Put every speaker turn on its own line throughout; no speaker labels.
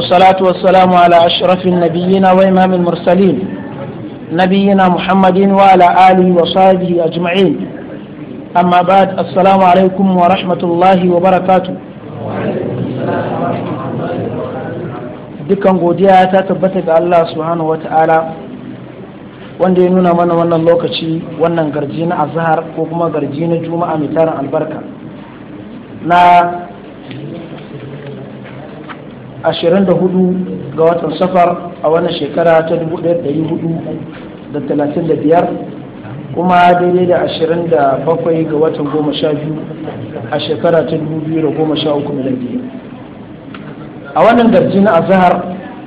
والصلاة والسلام على أشرف النبيين وإمام المرسلين نبينا محمد وعلى آله وصحبه أجمعين أما بعد السلام عليكم ورحمة الله وبركاته dukkan godiya ta tabbata ga Allah subhanahu wa ta'ala wanda ya nuna mana wannan lokaci wannan garji na azhar ko kuma garji na juma'a mai tarin albarka na 24 ga watan safar a wannan shekara ta 1435 kuma daidai da 27 ga watan 12 a shekara ta 2013 miladiya a wannan garji na azahar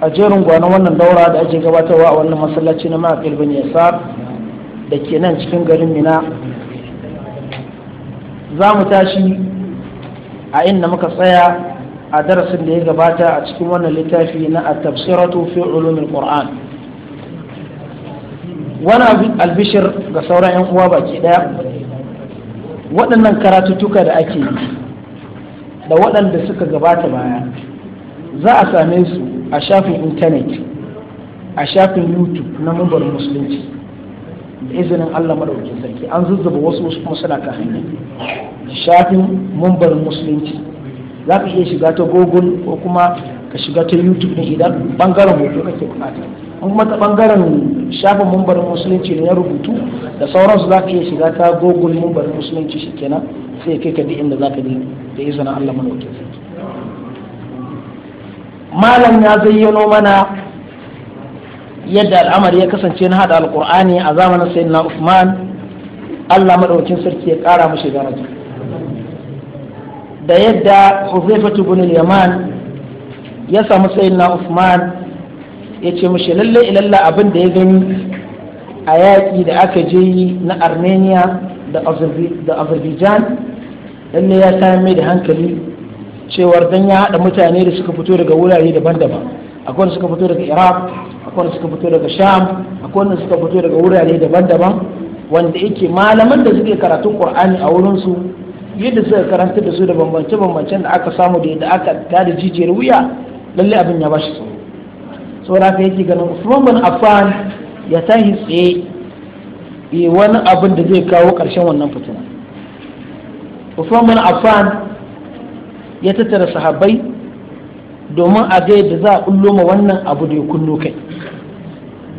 a jerin gwanon wannan daura da ake gabatarwa a wannan masallaci na ma'aƙil bin yasar da ke nan cikin garin mina za mu tashi a inda muka tsaya a darasin da ya gabata a cikin wannan littafi na a tafsiratu fi ulumin qur'an wani albishir ga sauran 'yan uwa baki daya waɗannan karatuttuka da ake yi da waɗanda suka gabata baya za a same su a shafin intanet a shafin youtube na mubar musulunci da izinin allah maɗaukin sarki an zuzzaba wasu wasu kuma suna kan hanyar, shafin mumbar musulunci za ka iya shiga ta google ko kuma ka shiga ta youtube ne idan bangaren hoto kake bukata an kuma ta bangaren shafin mumbar musulunci ne na rubutu da sauransu za ka iya shiga ta google mumbar musulunci kenan sai kai ka bi inda za ka bi da izinin allah wakil
malam ya zayyano
mana yadda al'amari ya kasance na hada alkur'ani a zamanin sayyidina usman allah madaukin sarki ya kara mashi daraja da yadda huzaifatu bin yaman ya samu na usman ya ce mashi lalle ilalla abin da ya gani a yaƙi da aka je yi na armenia da azerbaijan lalle ya same da hankali cewar don ya haɗa mutane da suka fito daga wurare daban-daban akwai suka fito daga iraq akwai suka fito daga sham akwai suka fito daga wurare daban-daban wanda yake malaman da suke karatun ƙur'ani a wurinsu yadda suka karanta da su da bambance-bambancen da aka samu da yadda aka tada jijiyar wuya lalle abin ya bashi tsoro saboda haka yake ganin Usman bin Affan ya tashi tsaye wani abin da zai kawo ƙarshen wannan fitina Usman bin Affan ya tattara sahabbai domin a ga yadda za a kullo ma wannan abu da ya kullo kai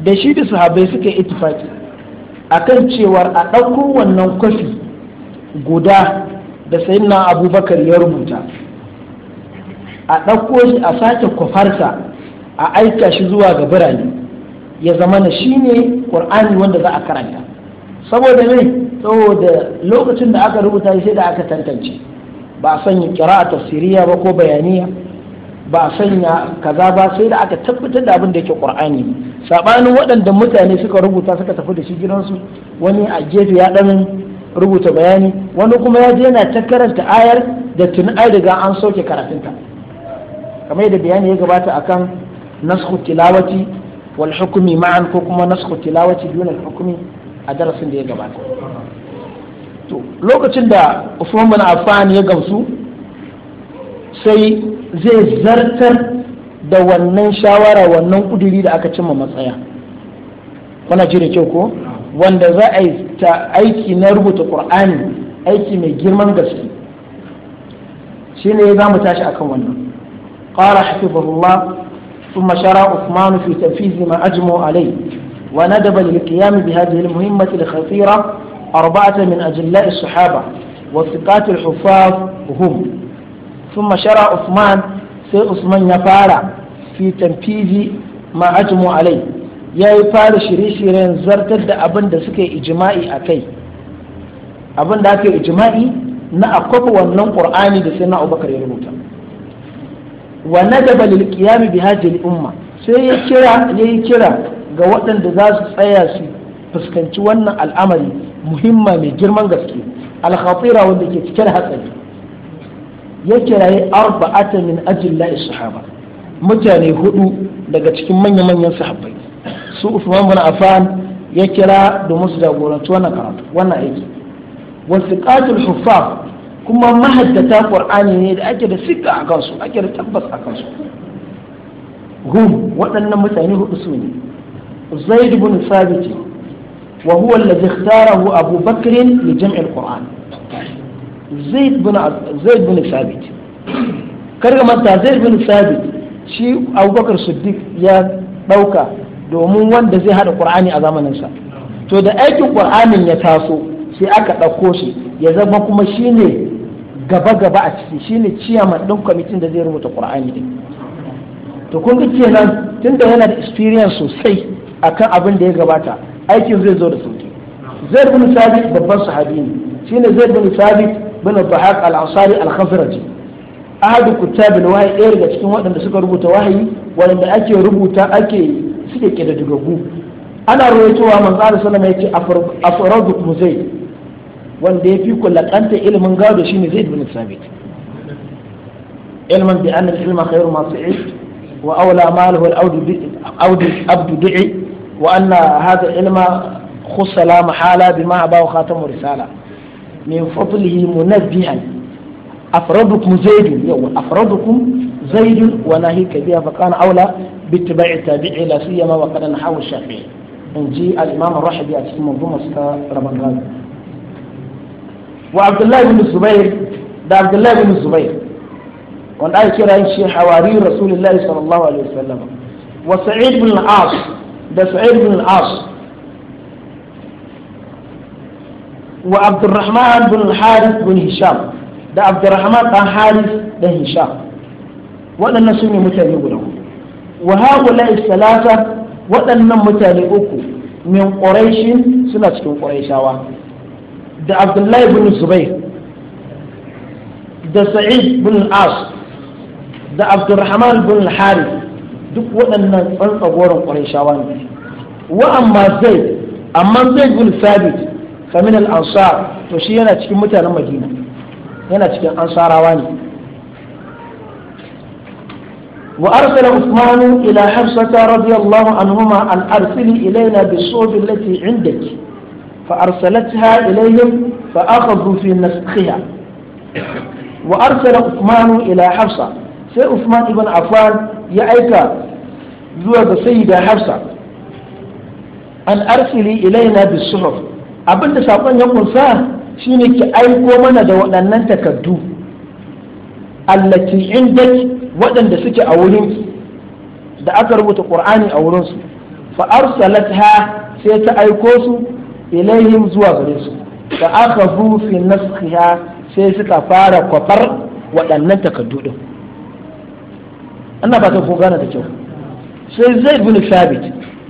da shi da sahabbai suka yi a akan cewar a ɗauko wannan kwafi guda da sayyidina abubakar ya rubuta a ɗauko shi a sake kwafarsa a aika shi zuwa ga birane ya zama na shi ne ƙur'ani wanda za a karanta saboda ne saboda lokacin da aka rubuta sai da aka tantance ba a sanya kira tafsiriya ba ko bayaniya ba a sanya kaza ba sai da aka tabbatar da abin da yake ƙur'ani saɓanin waɗanda mutane suka rubuta suka tafi da shi gidansu wani a gefe ya ɗan rubuta bayani wani kuma ya je yana ta karanta ayar da tun ai daga an soke karatunta kamar yadda bayani ya gabata akan nasku tilawati wal hukumi ma'an ko kuma nasku tilawati duna hukumi a darasin da ya gabata to lokacin da Usman bin Affan ya gamsu sai zai zartar da wannan shawara wannan kuduri da aka cimma matsaya kuna ji da kyau ko wanda za a yi ta aiki na rubuta ƙur'ani aiki mai girman gaske shi ne za mu tashi akan wannan ƙara hafifahullah ثم شرع عثمان في تنفيذ ما أجمع عليه وندب للقيام بهذه المهمة الخطيرة أربعة من أجلاء الصحابة وثقات الحفاظ هم ثم شرع عثمان سي عثمان يفارع في تنفيذ ما أجمع عليه ya yi fara shirye-shiryen zartar da abin da suka yi ijima'i a kai abin da aka yi ijima'i na akwafa wannan ƙur'ani da sai na abubakar ya rubuta wa nadaba lil qiyam bi hadhihi umma sai ya kira ya yi kira ga waɗanda za su tsaya su fuskanci wannan al'amari muhimma mai girman gaske al wanda ke cikin hatsari ya kiraye arba'ata min ajilla sahaba mutane hudu daga cikin manya-manyan sahabbai su usman bin affan ya kira domin su jagoranci wannan karatu wannan aiki wasu ƙatul huffaf kuma mahaddata qur'ani ne da ake da sika a kansu ake da tabbas a kansu hum waɗannan mutane hudu su ne zaid bin Sabiti, wa huwa alladhi ikhtarahu abu bakr li jam' al zaid bin zaid bin sabit karga manta zaid bin sabit shi abubakar siddiq ya dauka domin wanda zai hada qur'ani a zamanin sa to da aikin qur'anin ya taso sai aka ɗauko shi ya zama kuma shine gaba gaba a ciki shine ciyaman ɗin kwamitin da zai rubuta qur'ani din to kun ga kenan tunda yana da experience sosai akan abin da ya gabata aikin zai zo da sauki zaid bin sabit babban sahabi ne shine zaid bin sabit bin dhahak al-ansari al-khazraji ahadu kutab al-wahyi ɗaya daga cikin waɗanda suka rubuta wahayi waɗanda ake rubuta ake suke kididdigaggu ana rawaitowa manzo Allah sallama yace afradu zaid wanda ya fi kulakanta ilmin gado shine zaid bin sabit ilman bi anna al-ilma khayru ma su'id wa awla maluhu al abdu du'i wa anna hadha ilma khussa la mahala bima aba wa khatamu risala min fadlihi munabbihan afradukum zaid afradukum zaid wa nahika fa kana awla باتباع التابعين لا سيما وقد نحاول الشافعي ان جي الامام الراشدي اتي منظومه رمضان وعبد الله بن الزبير ده عبد الله بن الزبير وانا اي شي حواري رسول الله صلى الله عليه وسلم وسعيد بن العاص ده سعيد بن العاص وعبد الرحمن بن الحارث بن هشام ده عبد الرحمن بن حارث بن هشام وانا سنه متى يقولون wa haƙulai salasa waɗannan mutane uku min ƙuraishin suna cikin ƙuraishawa da abdullahi bin zubair da sa'id bin as da abdurrahman bin hari duk waɗannan tsantsagoran ƙuraishawa ne wa amma zai amma zai bin sabit famin al-ansar to shi yana cikin mutanen madina yana cikin ansarawa ne وأرسل عثمان إلى حفصة رضي الله عنهما أن أرسلي إلينا بالصوب التي عندك فأرسلتها إليهم فأخذوا في نسخها وأرسل عثمان إلى حفصة سي عثمان بن عفان يأيك زوج سيدة حفصة أن أرسلي إلينا بالصحف abin da saƙon ya kunsa shine ki aiko mana da waɗannan takardu allati indak waɗanda suke a wurin da aka rubuta qur'ani a wurin su fa arsalatha sai ta aiko su ilaihim zuwa gare su fa akhadhu fi nafsiha sai suka fara kwafar waɗannan takaddu din ba ta ko da kyau sai zai bin sabit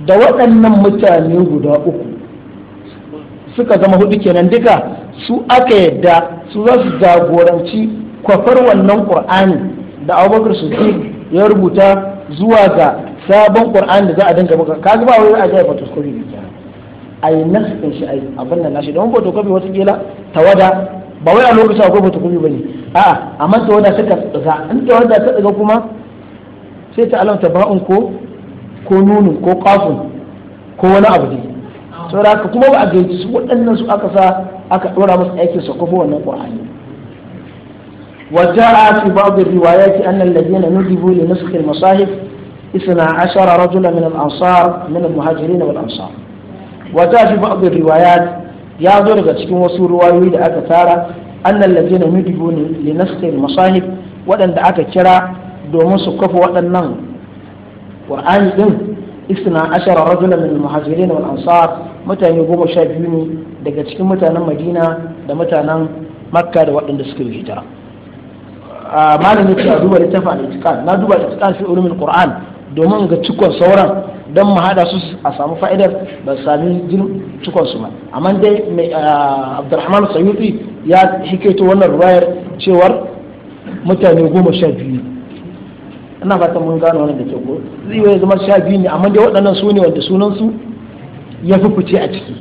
da waɗannan mutane guda uku suka zama hudu kenan duka su aka yadda su za su jagoranci kwafar wannan ƙur'ani da abubakar siddiq ya rubuta zuwa ga sabon ƙur'ani da za a dinga maka kaga ba wai a ga photocopy ne a yi sukan shi a yi abin nan nashi don wata watakila tawada ba wai a lokacin akwai photocopy ba ne a'a amma tawada suka tsiga in tawada ta daga kuma sai ta alamta ba'un ko ko nunin ko kafin ko wani abu ne saboda kuma ba a gaji su waɗannan su aka sa aka ɗora masu aikin sa wannan ƙwa'ani وجاء في بعض الروايات أن الذين نجبوا لنسخ المصاحف اثنا عشر رجلا من الأنصار من المهاجرين والأنصار وجاء في بعض الروايات يا درجة كم وصول روايوي لأكثر أن الذين نجبوا لنسخ المصاحف وأن دعاك كرا domin su kafa waɗannan ƙur'ani ɗin isna ashara rajula min muhajirin wal ansar mutane goma sha biyu ne daga cikin mutanen madina da mutanen makka da waɗanda suka yi hijira Ah, malamin ce a duba littafin al na duba al fi ulumin qur'an domin ga cikon sauran don mu hada su a samu fa'idar ba su sami jin cikon su ba amma dai mai ah, abdurrahman sayyidi ya hikaito wannan ruwayar cewar mutane goma sha biyu ina fata mun gano wannan da ke ko zai zama sha biyu ne amma dai waɗannan su ne wanda sunan su ya fi fice a ciki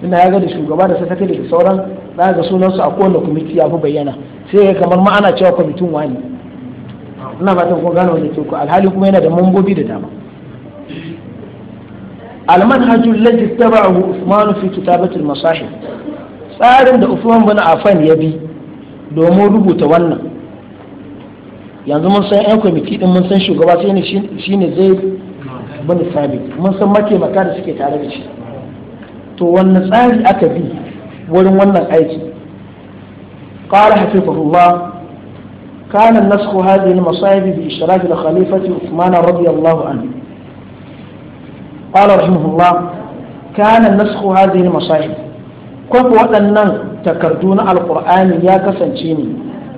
tunda ya ga da shugaba da sakatare da sauran za ga sunansu a kowane kwamiti ya fi bayyana sai ya kamar ma ana cewa kwamitin wani ina ta ko gano wani teku alhali kuma yana da mambobi da dama alman almanhajul ladhi tabahu usman fi kitabatil masahih tsarin da usman bin affan ya bi domin rubuta wannan yanzu mun san yan kwamiti din mun san shugaba sai ne shine zai bin sabi mun san mataimaka da suke tare da shi to wanne tsari aka bi wurin wannan aiki ƙara hafifahullah kanan nasu hadi na masu bi shiraki da khalifati Uthman radiyallahu anhu ƙara rahimahullah kanan nasu hadi na masu haifi kwanfa waɗannan takardu na alƙur'ani ya kasance ne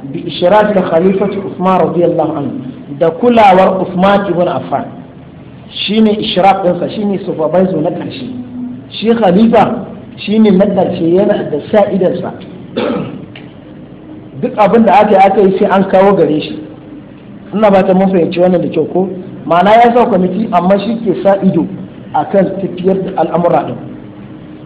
bi shiraki da khalifati Uthman radiyallahu anhu da kulawar Uthman ibn Affan shine ishraq ɗinsa shine supervisor na ƙarshe shi khalifa shi ne na ƙarshe yana da sa duk abin da aka yi aka yi sai an kawo gare shi ina ba ta mun fahimci wannan da kyau ko ma'ana ya sa kwamiti amma shi ke sa ido a kan tafiyar da al'amura ɗin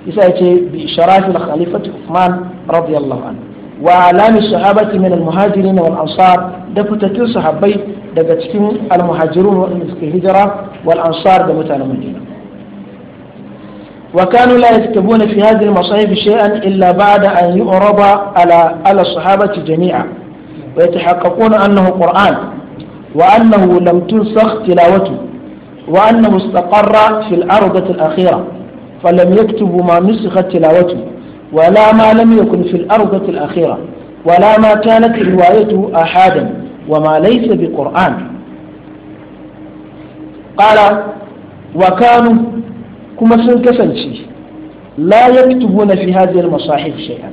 isa ya ce bi sharafin khalifati usman radiyallahu an wa alami sahabati min al-muhajirin wal ansar da fitattun sahabbai daga cikin al-muhajirun waɗanda suka hijira wal ansar da mutanen Madina وكانوا لا يكتبون في هذه المصاحف شيئا إلا بعد أن يعرض على على الصحابة جميعا ويتحققون أنه قرآن وأنه لم تنسخ تلاوته وأنه استقر في الأرضة الأخيرة فلم يكتبوا ما نسخت تلاوته ولا ما لم يكن في الأرضة الأخيرة ولا ما كانت روايته أحادا وما ليس بقرآن قال وكانوا kuma sun kasance la na fi hajjiyar masahif shay'an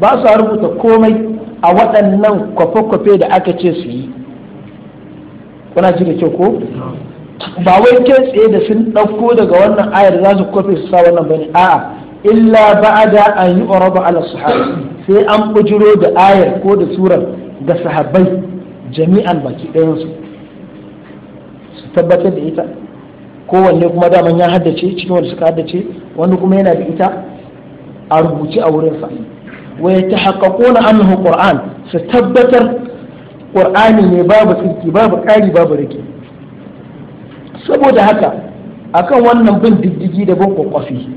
ba su rubuta komai a waɗannan kwafe-kwafe da aka ce su yi kuna ji da kyau ko ba wai ke tsaye da sun ɗauko daga wannan ayar za su kwafe su sa wannan bane a'a illa ba'ada an yi uraba ala sahabi sai an bujiro da ayar ko da surar ga sahabbai jami'an baki ɗayansu su tabbatar da ita kowanne kuma daman ya haddace cikin wanda suka haddace wani kuma yana da ita a rubuce a wurinsa sa ya ta haƙaƙo na annahu ƙur'an su tabbatar ƙur'ani ne babu tsinki babu ƙari babu rike saboda haka akan wannan bin diddigi da bin kwakwafi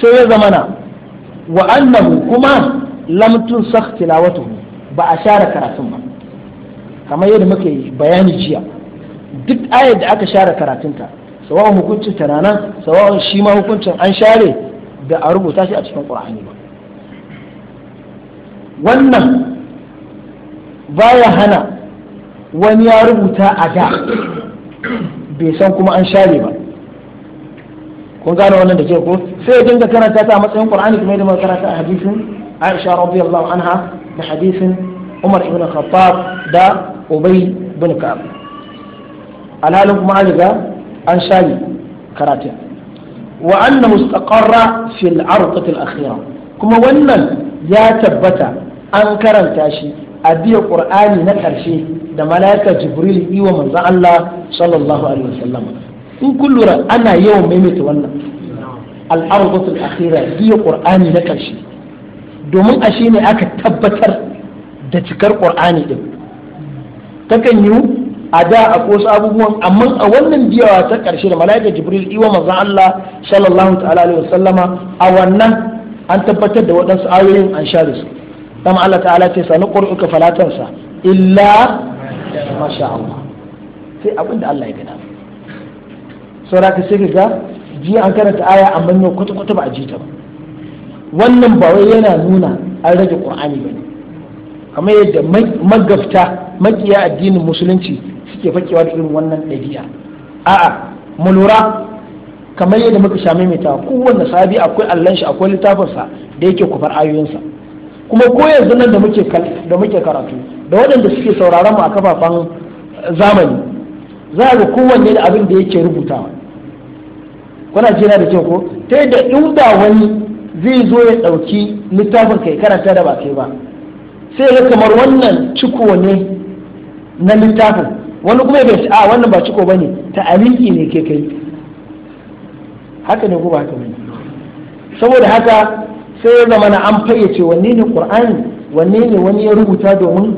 sai ya zamana wa annahu kuma lamtun tilawatu ba a share karatun ba kamar yadda muke bayani jiya duk ayar da aka share karatunta sawa'un hukuncin ta nan sawa'un shi ma hukuncin an share da a rubuta shi a cikin qur'ani ba wannan baya hana wani ya rubuta a da bai san kuma an share ba kun gane wannan da ke ko sai ya dinga karanta ta a matsayin qur'ani kuma yadda karanta a hadisin aisha radiyallahu anha da hadisin umar ibn khattab da ubay ibn ka'ab alhalin kuma an riga an shayi karatu wa annahu istaqarra fil arqati akhira kuma wannan ya tabbata an karanta shi a biya qur'ani na karshe da malaika jibril yi wa manzon Allah sallallahu alaihi wasallam in kullura ana yawan maimaita wannan al arqati akhira biya qur'ani na karshe domin a shi ne aka tabbatar da cikar qur'ani din takan yiwu a da a wasu abubuwan amma a wannan biyawa ta ƙarshe da mala'ika jibril iwa manzon Allah sallallahu ta'ala alaihi wasallama a wannan an tabbatar da waɗansu ayoyin an da su kama Allah ta'ala ce sanu qur'uka falatansa illa masha Allah sai abin da Allah ya gada ka sai ga jiya an karanta aya amma yau kwata kwata ba a ji ta ba wannan ba wai yana nuna an rage qur'ani ne, kamar yadda magafta makiya addinin musulunci suke fakewa da irin wannan ɗabi'a a'a mu lura kamar yadda muka sha maimaita kowanne sahabi akwai allon shi akwai littafinsa da yake kufar ayoyinsa kuma ko yanzu nan da muke karatu da waɗanda suke sauraron mu a kafafen zamani za ga kowanne da abin da yake rubutawa kuna jira da kyau ko ta yadda in ba wani zai zo ya ɗauki littafin kai karanta da ba kai ba sai ga kamar wannan ciko ne na littafin wani kuma ya bai a wannan ba ciko bane ta aliki ne ke kai haka ne kuma haka bane
saboda haka
sai ya zama na an fayyace wanne ne qur'ani wanne ne wani ya rubuta domin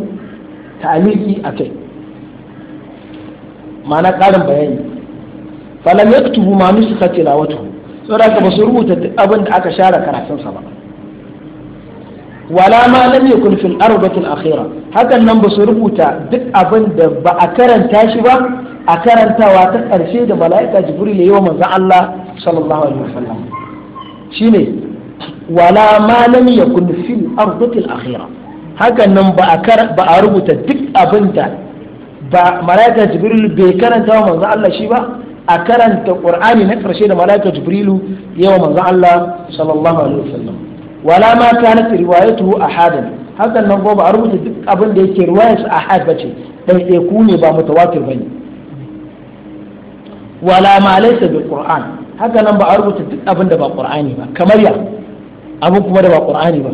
ta ta'aliki a kai ma'ana ƙarin bayani falam yaktubu ma nusikha tilawatuhu saboda haka ba su rubuta abin da aka share karatunsa ba wala ma lam yakun fil arbatil akhira hakan nan ba su rubuta duk abin da ba a karanta shi ba a karantawa ta karshe da mala'ika jibril ya yi wa manzon Allah sallallahu alaihi wasallam shine wala ma lam yakun fil arbatil akhira hakan nan ba a rubuta duk abin da ba mala'ika jibril bai karanta wa manzon Allah shi ba a karanta qur'ani na karshe da mala'ika jibrilu wa manzon Allah sallallahu alaihi wasallam wala ma kanat riwayatuhu ahadan hakan nan gobe a rubuta duk abin da yake riwayar su ahad bace ɗaiɗai ku ne ba mutawatir bane wala ma laysa bil qur'an haka nan ba a rubuta duk abin da ba qur'ani ba kamar ya abin kuma da ba qur'ani ba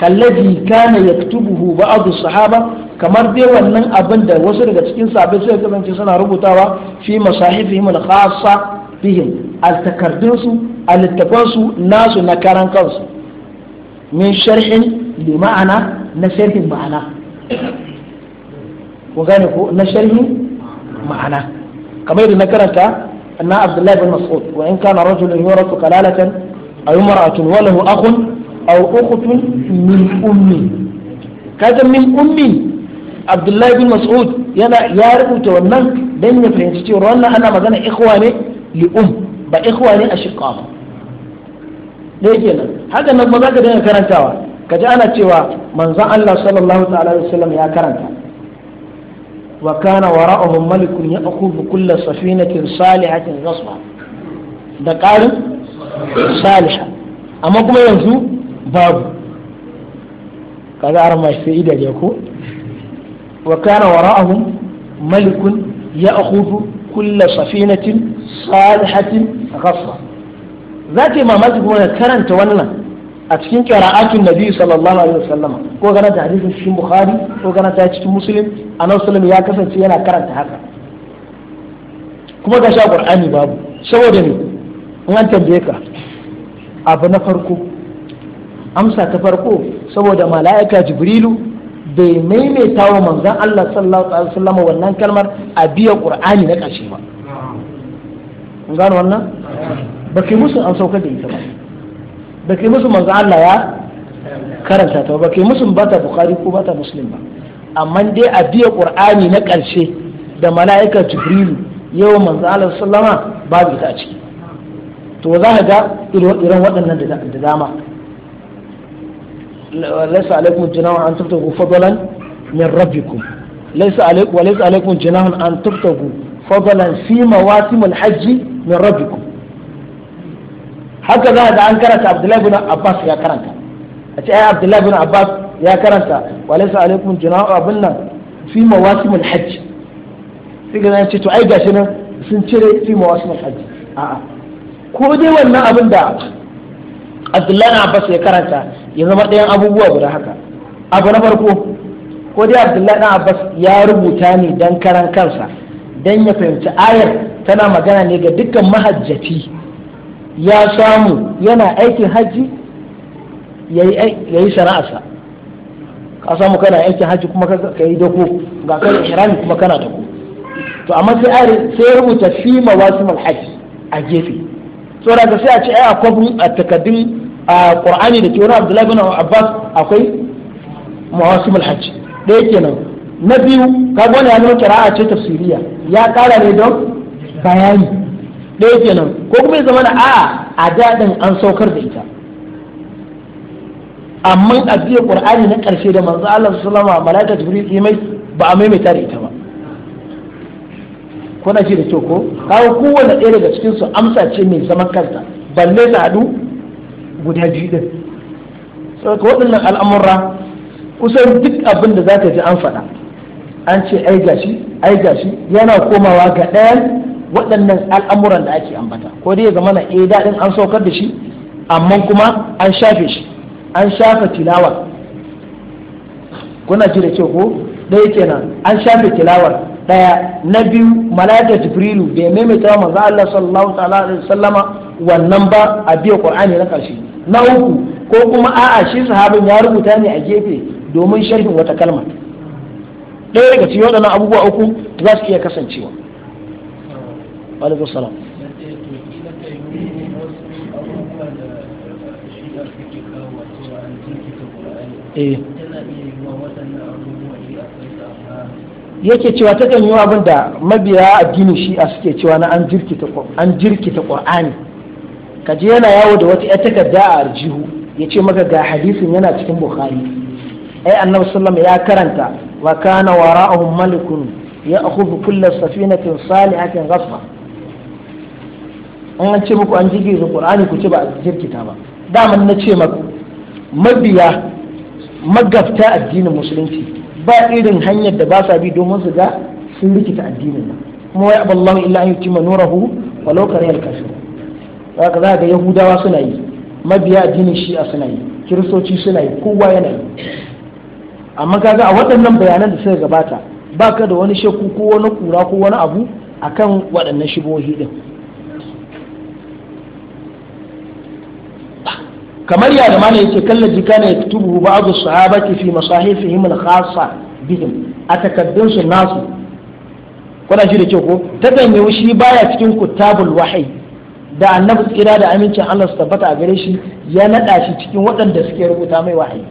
kallazi kana yaktubuhu ba'd as-sahaba kamar dai wannan abin da wasu daga cikin sahabbai suka kasance suna rubutawa fi masahifihim al-khassa bihim al-takardunsu al-littafansu nasu na karan kansu min sharhin bi ma'ana na sharhin ma'ana ku gane ko na sharhin ma'ana kamar yadda na karanta anna abdullahi bin mas'ud wa in kana rajulun yuratu kalalatan aw imra'atun wa lahu akhun aw ukhtun min ummi kaza min ummi abdullahi bin mas'ud yana ya rubuta wannan dan ya fahimci cewa wannan ana magana ikhwa ne li um ba ikhwa ne ashiqa ba da yake nan haka nan kuma za ka dinga karantawa ka ji ana cewa manzon Allah sallallahu ta'ala alaihi wasallam ya karanta wa kana wara'uhum malikun ya'khudhu kulla safinatin salihatin ghasba da ƙarin saliha amma kuma yanzu babu kaga har ma sai idaje ko wa kana wara'uhum malikun ya'khudhu kulla safinatin salihatin ghasba za ta yi mamaki kuma na karanta wannan a cikin qira'atun nabi sallallahu alaihi wasallam ko ta hadisin cikin bukhari ko gana ta cikin muslim annabi sallallahu ya kasance yana karanta haka kuma ga sha qur'ani babu saboda ne in an tambaye ka abu na farko amsa ta farko saboda mala'ika jibrilu bai maimaita wa manzon Allah sallallahu alaihi wasallam wannan kalmar a biya qur'ani na ƙarshe ba gano wannan ba kai musu an saukar da ita ba ba kai musu manzo Allah ya karanta ta ba kai musu ba ta bukhari ko ba ta muslim ba amma dai a biya qur'ani na ƙarshe da mala'ika jibrilu yawan manzo Allah sallama babu ita a ciki to za ka ga irin waɗannan da dama laysa alaikum junahun an tabtagu fadlan min rabbikum laysa alaikum wa laysa alaikum junahun an tabtagu fadlan fi mawasim hajji min rabbikum haka za da an karanta abdullahi bin abbas ya karanta a ce ai abdullahi bin abbas ya karanta wa laysa alaikum junahu abin nan fi mawasim alhajj sai ga ce to ai gashi nan sun cire fi alhajj a a'a ko dai wannan abin da abdullahi bin abbas ya karanta ya zama ɗayan abubuwa guda haka abu na farko ko dai abdullahi bin abbas ya rubuta ne dan karan kansa dan ya fahimci ayar tana magana ne ga dukkan mahajjati ya samu yana aikin hajji ya yi shari'arsa ka samu kana aikin hajji kuma ka yi dako ga kan ihrami kuma kana dako to amma sai a sai rubuta fi mawasim alhajj a gefe so ga sai a ce ai akwai a takaddun a qur'ani da ke wani abdullahi bin abbas akwai mawasim alhajj ɗaya kenan na biyu ka wani ya nuna a ce tafsiriya ya kara ne don bayani ɗaya kenan ko kuma ya zama na a a daɗin an saukar da ita amma a biya ƙur'ani na ƙarshe da manzo Allah sallama malaika jibril imai ba a maimaita da ita ba kuna ji da kyau ko kawo kowane ɗaya daga cikin su amsa ce mai zaman kanta balle ta haɗu guda biyu din saboda waɗannan al'amura kusan duk abin da za ta ji an faɗa an ce ai gashi ai gashi yana komawa ga ɗayan waɗannan al'amuran da ake ambata ko dai ya zama na eh daɗin an saukar da shi amma kuma an shafe shi an shafe tilawar kuna ji da kyau ko ɗaya kenan an shafe tilawar ɗaya na biyu malaika jibrilu da ya maimaita manzo Allah sallallahu alaihi wasallama wannan ba a biya qur'ani na ƙarshe na uku ko kuma a'a shi sahabin ya rubuta ne a gefe domin sharhin wata kalma ɗaya daga cikin waɗannan abubuwa uku za su iya kasancewa alaikum السلام
yake cewa ta kan yi
abin da mabiya addinin a suke cewa na an jirkita ƙur'ani kaje yana yawo da wata yar takarda a arjihu yace maka ga hadisin yana cikin bukhari ai annabi ya karanta wa kana wara'ahum malikun ya akhudhu safinatin salihatin ghasba in an ce muku an gizo qur'ani ku ce ba a ba dama na ce maku mabiya magabta addinin musulunci ba irin hanyar da ba sa bi domin su ga sun rikita addinin ba kuma wai aballahu illa an yutima nurahu walau kariyal kafir haka za ga yahudawa suna yi mabiya addinin shi'a suna yi kiristoci suna yi kowa yana yi amma kaga a waɗannan bayanan da suka gabata baka da wani shakku ko wani kura ko wani abu akan waɗannan shibohi din
kamar ya da mana yake kalla jika ne yaktubu sahaba sahabati
fi masahifihim al-khassa bihim a takaddun nasu kuna shi da kyau ko ta danyo shi baya cikin kutabul wahyi da annabi tsira da amincin Allah su tabbata a gare shi ya nada shi cikin waɗanda suke rubuta mai wahayi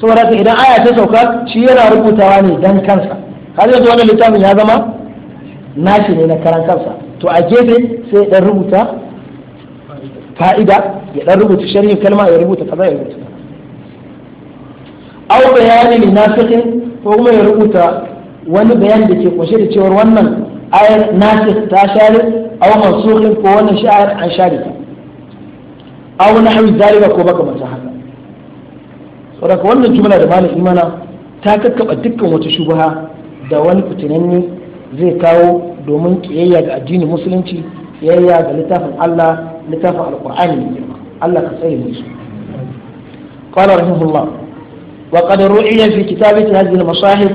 saboda idan aya ta sauka shi yana rubutawa ne dan kansa har yanzu wannan littafin ya zama nashi ne na karan kansa to a gefe sai dan rubuta fa'ida ya ɗan rubuta sharhin kalma ya rubuta kaza ya rubuta
au bayani linafiqin
ko kuma ya rubuta wani bayani da ke kunshe da cewar wannan ayar nasikh ta share au mansukhin ko wannan sha'ar an share ta au hawi zalika ko baka mata haka saboda wannan jumla da malamin imana ta kakkaba dukkan wata shubaha da wani fitinanni zai kawo domin kiyayya ga addinin musulunci kiyayya ga littafin Allah littafin القرآن ne Allah ka قال رحمه الله وقد رؤي في كتابة هذه المصاحف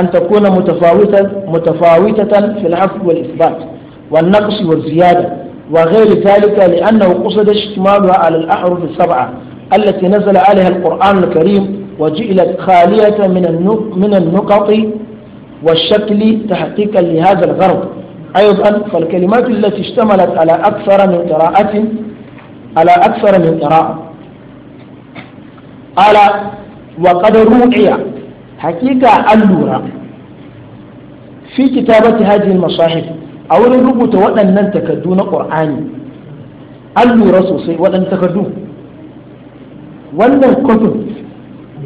أن تكون متفاوتة متفاوتة في العفو والإثبات والنقص والزيادة وغير ذلك لأنه قصد اشتمالها على الأحرف السبعة التي نزل عليها القرآن الكريم وجعلت خالية من من النقط والشكل تحقيقا لهذا الغرض أيضا فالكلمات التي اشتملت على أكثر من قراءة على أكثر من قراءة على وقد روعي حقيقة اللورة في كتابة هذه المصاحف أو ربط وأن لن تكدون قرآني اللورة سوسي وأن تكدون وأن الكتب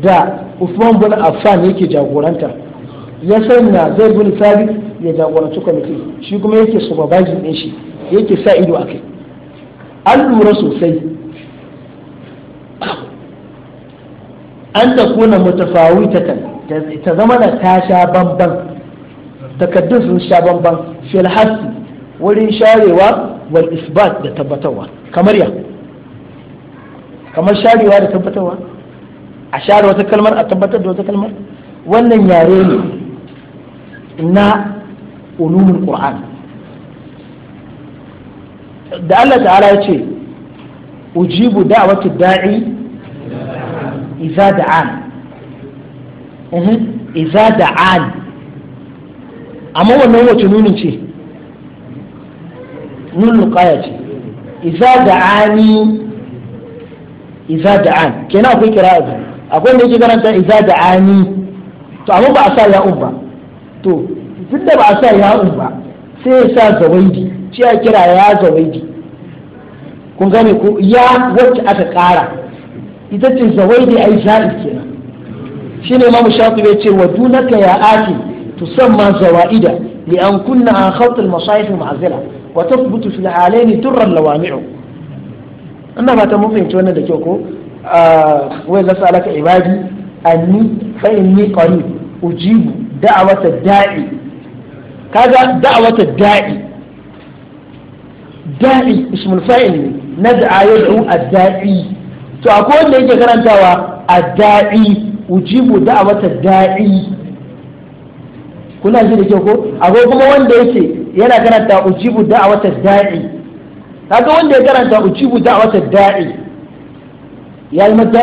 دا Uthman bin Affan yake jagoranta ya sanya zai bin sabit ya jagoranci kwamiti shi kuma yake supervising ɗin shi yake sa ido a kai an lura sosai an ta kuna mutafawi ta zama da ta sha bamban takaddun sun sha bamban filhassi wurin sharewa wal isbat da tabbatarwa kamar ya kamar sharewa da tabbatarwa a share wata kalmar a tabbatar da wata kalmar wannan yare ne na ulumin qur'an da Allah ta'ala ya ce ujibu da'watu da'i idza da'an uhm, idza da'an amma wannan wace nunin ce nunin qaya ce idza da'ani idza da'an kenan akwai kira'a akwai wanda yake karanta idza da'ani to amma ba a sa ya'un ba to duk da ba a sa ya'un ba sai ya sa zawaidi shi ya kira ya zawaidi kun gane ko ya wacce aka kara ita ce zawaidi ai za'id kenan shine imamu shafi ya ce wa dunaka ya ati tusamma zawaida li an kunna an khat al masayif ma'zila wa tathbutu fil alaini turran lawami'u ina ba ta mun fahimci wannan da kyau ko wai alaka ibadi anni fa inni qarib ujibu da'awata da'i kaga da'awata da'i da'i ismul fa'il ne na da'a yad'u ad-da'i to a akwai wanda yake karantawa ad-da'i ujibu da'awata da'i kuna ji da kyau ko akwai kuma wanda yake yana karanta ujibu da'awata da'i kaga wanda ya karanta ujibu da'awata da'i ya yi madda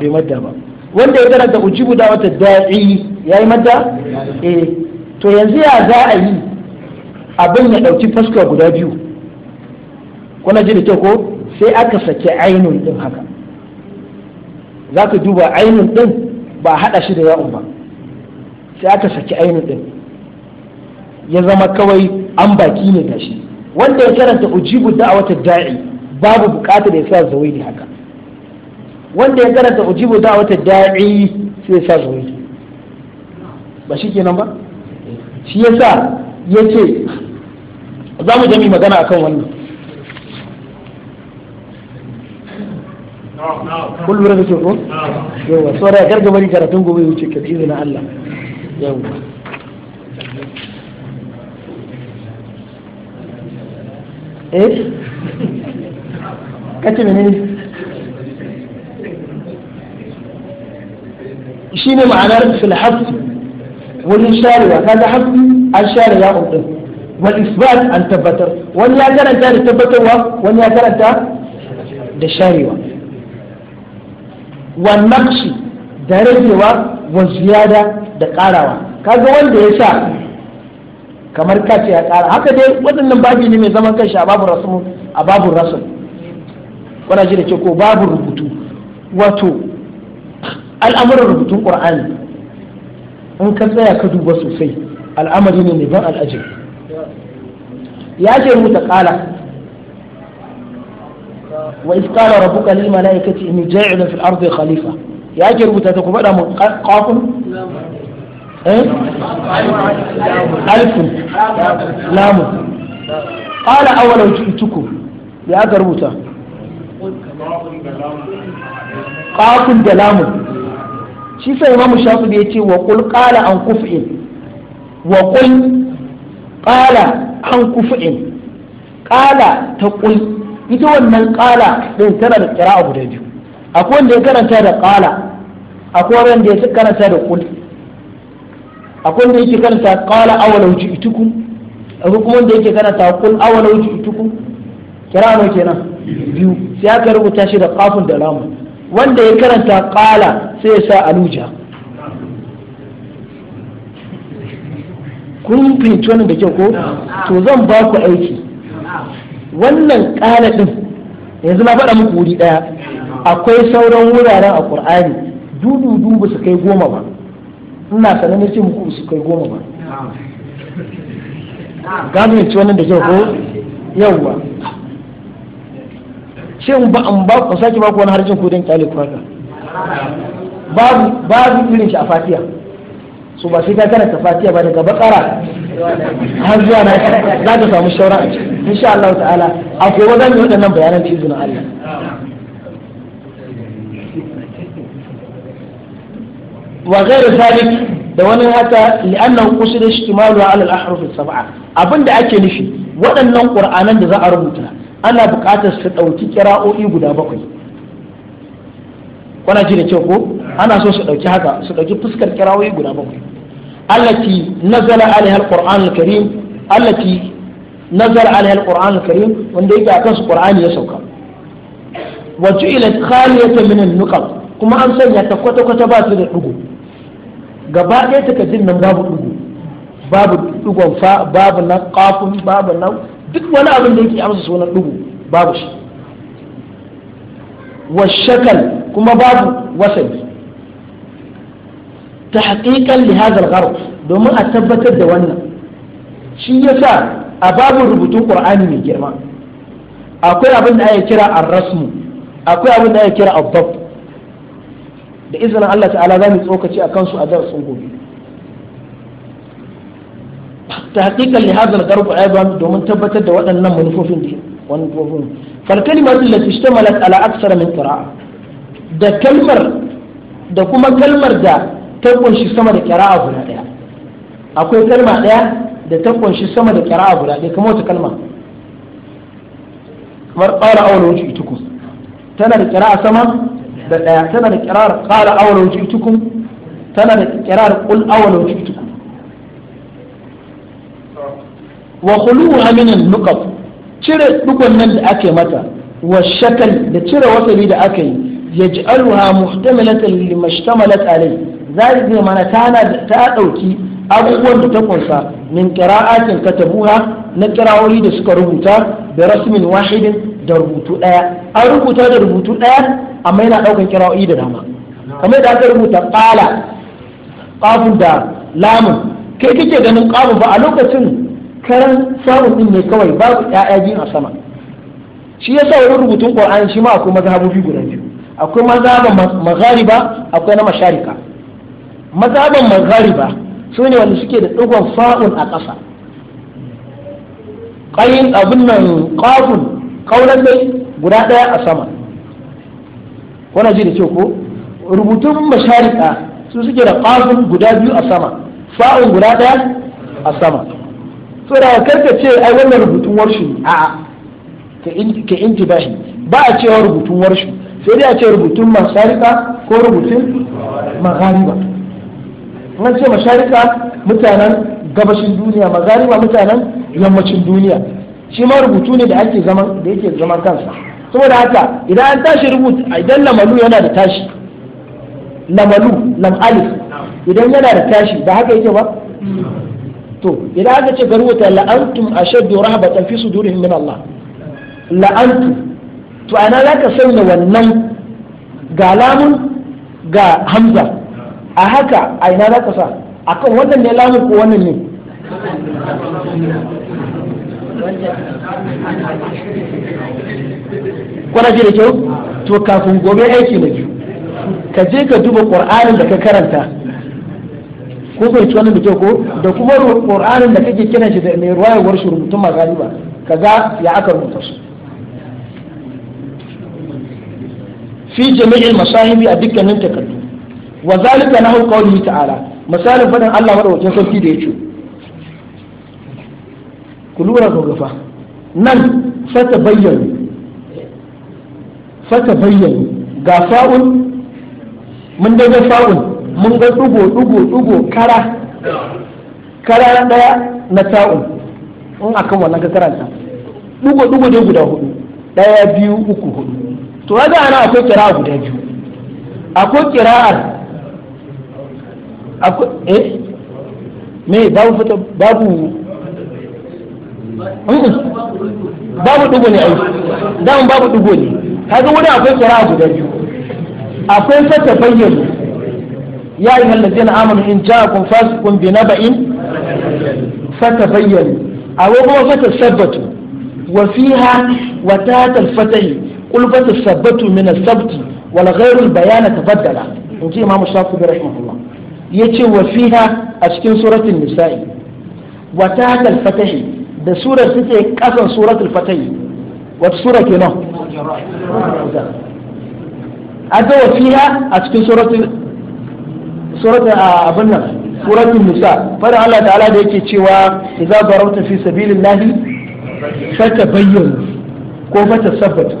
bai madda ba wanda ya karanta ujibu da'awata da'i ya yi mata eh to yanzu ya za a yi abin ya ɗauki fuska guda biyu kuna ji da ko sai aka sake ainihin ɗin haka za ka duba ainihin ɗin ba a haɗa shi da ya'un ba sai aka sake ainihin ɗin ya zama kawai an baki ne da shi wanda ya karanta ujibu da'awata da'i babu bukatar ya sa zawai haka wanda ya karanta ujibu da'awata da'i sai ya sa zawai ba shi kenan ba shi yasa ya ce za mu jami magana akan wannan
kun lura da ko yawa saboda
ya gargaba ni karatun gobe wuce ka izinin Allah yawa
eh kace menene
shine ma'anar fil hafsi wurin sharewa ga hafi an share ya din wal isbat an tabbatar wani ya karanta da tabbatarwa wani ya karanta da sharewa wan naqshi da ragewa wa ziyada da karawa kaga wanda ya sa kamar kace ya kara haka dai waɗannan babi ne mai zaman kanshi a babu rasul a babu rasul kuna ji da ke ko babu rubutu wato al'amuran rubutun qur'ani in ka tsaya ka duba sosai al'amari ne mai ban al'ajir ya ce rubuta kala wa iskala rabbuka lil mala'ikati inni ja'ilun fil ardi khalifa ya ke rubuta ta kuma faɗa mu qafun eh alfun lamun qala awwalan ji'tuku ya ga rubuta
qafun da lamun
shi sai imamu da ya ce wa kul qala an kuf'in wa kul qala an kuf'in qala ta kul ita wannan qala din tana da kira abu guda biyu akwai wanda ya karanta da qala akwai wanda ya karanta da kul akwai wanda yake karanta qala awalau ji'tukum akwai kuma wanda yake karanta qul awalau kira ne kenan biyu sai aka rubuta shi da kafin da lamun wanda ya karanta kala sai ya sa aluja kun fahimci wannan da kyau ko to zan ba ku aiki wannan kala din yanzu na faɗa muku wuri ɗaya akwai sauran wuraren a ƙur'ani dudu dubu su kai goma ba ina sanar na ce muku su kai goma ba
gano yanci wannan da kyau ko yawwa
shin ba an ba ku sake ba ku wani harshen kudin kyale ku haka babu babu irin shi a fatiya so ba sai ka ta fatiya ba daga bakara
har zuwa na za ka samu shaura a ciki insha Allah ta'ala a gobe zan yi waɗannan
bayanan da izinin Allah wa ghairu zalik da wani hata li'annahu qusida ishtimalu ala al-ahruf as-sab'a abinda ake nufi waɗannan qur'anan da za a rubuta ana buƙatar su ɗauki kira'o'i guda bakwai Kuna ji da kyau ko ana so su ɗauki haka su ɗauki fuskar kira'o'i guda bakwai allati nazala alaiha alquran alkarim allati nazala alaiha alquran alkarim wanda yake akan su qur'ani ya sauka
wa ju'ilat khaliyatan
min an-nuqab kuma an sanya ta kwata kwata ba su da dugu gaba ɗaya takaddin nan babu dugu babu dugon fa babu na qafun babu na duk wani abin da yake amsa sunan dugu babu shi washakal kuma babu wasali tahqiqan li hadha al domin a tabbatar da wannan shi yasa a babin rubutun qur'ani mai girma akwai abin da ake kira ar-rasmu akwai abin da ake kira ad da izinin Allah ta'ala za mu tsokaci a kansu a darasin gobe تحقيقا لهذا الغرب أيضا دومن تبتد وأن منفوفين دي ونفوفين فالكلمة التي اشتملت على أكثر من قراءة ده كلمة ده كما كلمة ده تكون شي سما ده قراءة هنا ده أكو كلمة ده ده تكون شي سما ده قراءة هنا ده كما كلمة مر قال أول وجه تكون تنا القراءة سما ده تنا القراءة قال أول وجه تكون تنا القراءة قل أول وجه تكون wa khuluha min an cire dukun nan da ake mata wa shakal da cire wasali da aka yi yaj'aluha muhtamilatan lima ishtamalat alai zai zai mana tana ta ɗauki abubuwan da ta kunsa min qira'atin katabuha na qira'o'i da suka rubuta da rasmin wahidin da rubutu ɗaya, an rubuta da rubutu ɗaya, amma yana ɗaukan qira'o'i da dama kamar da aka rubuta qala qafun da lamun kai kake ganin ƙafin ba a lokacin karan samun din ne kawai babu ƴaƴa biyu a sama shi yasa wurin rubutun qur'ani shi ma akwai mazhabobi guda biyu akwai mazhaban maghariba akwai na masharika mazhaban maghariba su ne wanda suke da digon fa'un a ƙasa ƙayin abin nan qafun ƙaunar dai guda ɗaya a sama kuna ji da ce ko rubutun masharika su suke da qafun guda biyu a sama fa'un guda ɗaya a sama so da karka ce ai wannan rubutun warshu ne a'a ka intibahi ba a cewa rubutun warshu sai dai a ce rubutun masharika ko rubutun maghariba an ce masharika mutanen gabashin duniya maghariba mutanen yammacin duniya shi ma rubutu ne da ake zaman da yake zaman kansa saboda haka idan an tashi rubutu idan lamalu yana da tashi lamalu lam alif idan yana da tashi ba haka yake ba to idan aka ce garwata la'antum ashaddu rahbatan fi sudurihim min Allah la'antu to ana ka sanya wannan ga lamun ga hamza a haka a ina ka sa akan wannan ne lamun ko wannan ne
kwana ji da kyau to kafin gobe aiki na
biyu ka je ka duba ƙwar'anin da ka karanta ko bai ci wannan da ke ko da kuma qur'anin da kake kiran shi da mai ruwayar shi rubutun magani ba kaga ya aka rubuta su fi jami'il masahibi a dukkanin takardu wa zalika nahu qawlihi ta'ala misalin fadin Allah madaukakin sarki da yake ku lura ga gafa nan fata bayyana fata bayyana ga fa'un mun daga fa'un mun ga dugo dugo dugo kara kara daya na ta'un in akan wannan ka karanta dugo dugo ne guda hudu daya biyu uku hudu to kaga ana akwai kira guda biyu akwai kira'ar akwai eh me babu fita babu
babu dugo ne ai dan babu dugo ne kaga wani akwai kiraa guda biyu akwai fata bayyana
ya ayyuhal ladina amanu in ja'akum fasiqun bi naba'in fatabayyanu aw kuma fatasabbatu wa fiha wa ta al-fatahi qul fatasabbatu min as-sabti wal ghayru al-bayana tabaddala in ji imamu shafi'i rahimahullah a cikin ta da surar take kasan suratul fatahi wata sura kenan a wa a cikin suratul a abin nan suratul nisa fara Allah ta'ala da yake cewa idza darabta fi fata fatabayyanu ko fata fatasabbatu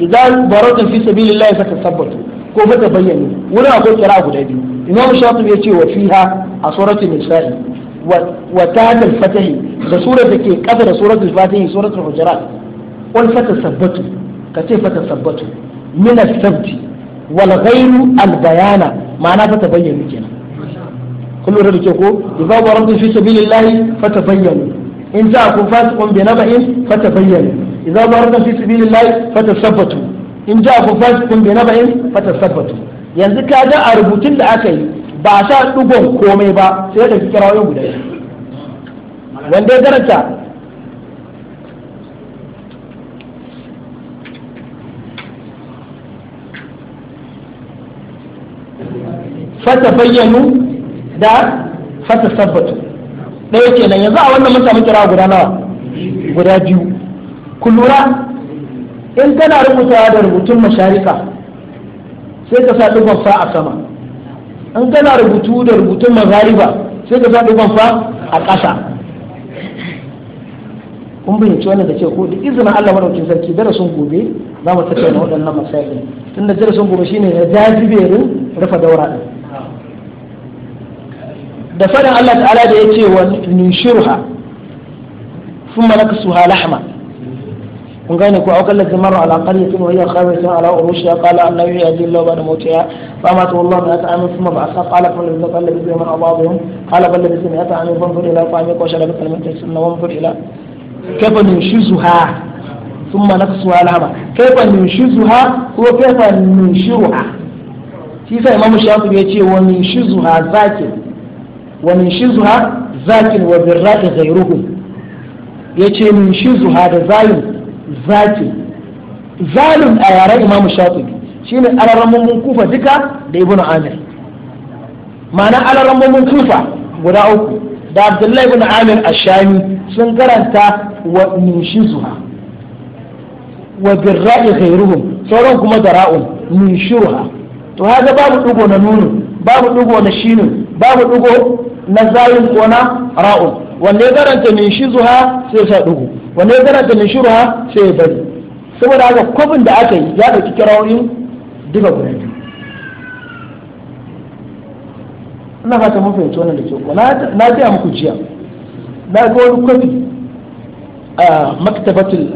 idza darabta fi fata fatasabbatu ko fata fatabayyanu wani akwai kira guda biyu imam shafi ya ce wa fiha a suratul nisa'i wa ta'al fatahi da surar da ke kafa da suratul fatihi suratul hujurat wal ce fata sabbatu, min as-sabti wal ghairu al ma'ana fa tabayyanu kenan kun lura da ke ko idza darabtum fi sabilillahi fa tabayyanu in ja'akum fasiqun bi naba'in fa tabayyanu idza darabtum fi sabilillahi fa yanzu ka ga a rubutun da aka yi ba sa dugon komai ba sai da kirawoyin guda wanda ya fata bayyanu da fata sabbatu ɗaya kenan yanzu a wannan mun samu kira guda nawa guda biyu ku lura in kana rubutawa da rubutun masharika sai ka sa ɗigon fa a sama in kana rubutu da rubutun mazariba sai ka sa ɗigon fa a ƙasa kun bayyanci wannan da ke ko da izinin Allah madaukakin sarki darasin gobe za mu tattauna waɗannan masailin tunda darasin gobe shine na rin rufe daura din da faɗin Allah ta'ala da ya ce wa nushiruha sun malaka su lahma kun gane ko aukar da zamar ala qaryatin wa hiya khawiyatun ala urushiha qala anna yuhyi Allah ba'da mawtiha fa mata wallahu ma ta'amu thumma ba'atha qala fa lam yaqal ladhi man abadhum qala bal ladhi sami'a ta'amu fanfur ila fa'amika wa shalaka kalimatan sunna wa sun ila kayfa nushizuha thumma naksuha lahma kayfa ha ko kayfa nushiruha shi sa imamu shafi ya ce wa ha zakin wa zakin wa birrati ghayruhum yace min da zalim a yare imamu shafi'i shine alarammun kufa duka da ibnu amir ma'ana alarammun kufa guda uku da abdullahi ibn amir ashami sun karanta wa min shizuha wa sauran kuma dara'un min to haza babu dugo na nunu babu dugo na shinin babu dugo na zayin ko na ra'un wanne garanta min shizuha sai sa dugo wanne garanta min shuruha sai ya bari saboda haka kwafin da aka yi ya dauki kirawoyin duka guda biyu ina fata mun fahimci wannan da kyau na taya muku jiya na ga wani kwafi a maktabatul